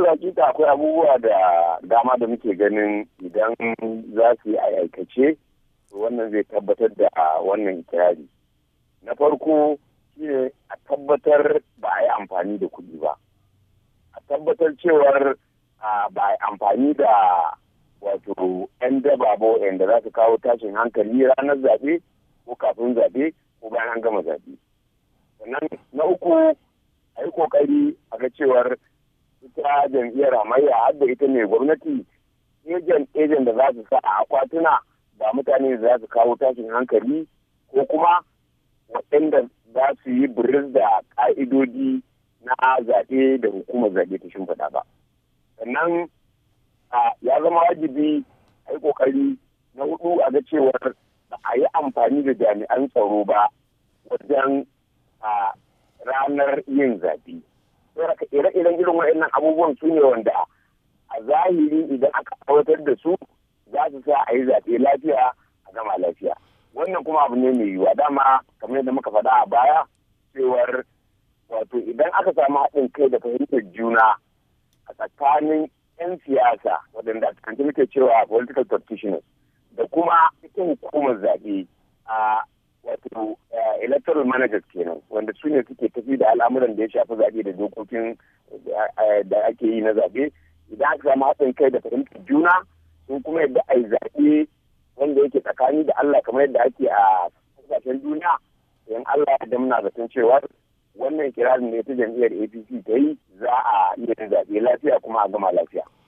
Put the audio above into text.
hakika akwai abubuwa da dama da muke ganin idan za su yi aikace wannan zai tabbatar da wannan ikirari na farko shine a tabbatar ba a yi amfani da kuɗi ba a tabbatar cewar ba a yi amfani da wato 'yan daba ba wa'anda za su kawo tashin hankali ranar zaɓe ko kafin zaɓe ko bayan an gama zaɓe sannan na uku a yi ƙoƙari a ga cewar jam'iyyar hamayya har ita ne gwamnati ejen ejen da za su sa a akwatuna ba mutane da za su kawo tashin hankali ko kuma waɗanda za su yi biris da ƙa'idodi na zaɓe da hukumar zaɓe ta shimfiɗa ba sannan ya zama wajibi a yi ƙoƙari na hudu a ga cewar ba a yi amfani da jami'an tsaro ba wajen ranar yin zaɓe. ire-iren irin waɗannan abubuwan su ne wanda a zahiri idan aka kawatar da su za su sa a yi zaɓe lafiya a gama lafiya wannan kuma abu ne mai yiwuwa dama kamar yadda muka faɗa a baya cewar wato idan aka samu haɗin kai da fahimtar juna a tsakanin 'yan siyasa waɗanda a cikin muke cewa political practitioners da kuma cikin hukumar zaɓe a wato electoral managers kenan wanda su ne suke tafi da al'amuran da ya shafi zaɓe da dokokin eh, eh, da ake yi na zaɓe idan aka samu haɗin kai da fahimtar juna sun kuma yadda a yi zaɓe wanda yake tsakani da Allah kamar yadda ake a kasashen duniya yan Allah ya damna zaton cewa wannan kirarin ne ta jam'iyyar APC ta yi za a iya zaɓe lafiya kuma a gama lafiya.